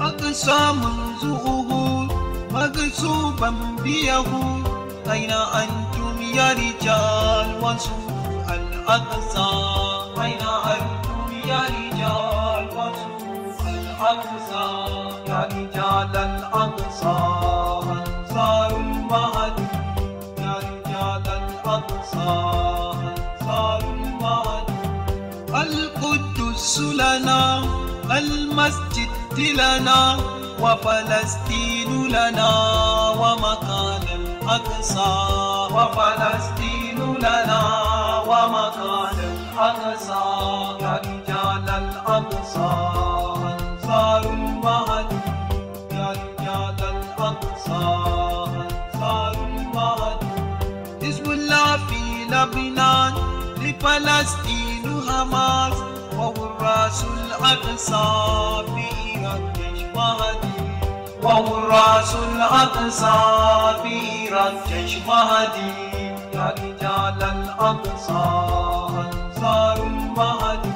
أقسى منذ أهود مغصوبا بيهود أين أنتم يا رجال وسوء الأقصى أين أنتم يا رجال وسوء الأقصى يا رجال الأقصى أنصار المهدي يا رجال الأقصى القدس لنا المسجد لنا وفلسطين لنا ومكان الأقصى وفلسطين لنا ومكان الأقصى يا رجال الأقصى أنصار المهدي يا رجال الأقصى أنصار المهدي حزب الله في لبنان لفلسطين الحماس الراس الأقصى بإيران تشبهدي ووراث الأقصى بإيران تشبهدي يا رجال الأقصى أنصار المهدي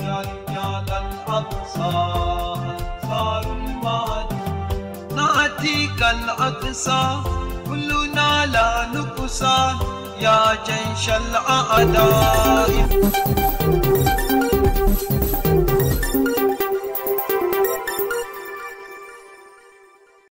يا رجال الأقصى أنصار المهدي نأتيك الأقصى كلنا لا نقصى يا جيش الأعداء